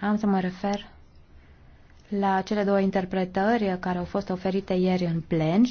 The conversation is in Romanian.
Am să mă refer la cele două interpretări care au fost oferite ieri în plen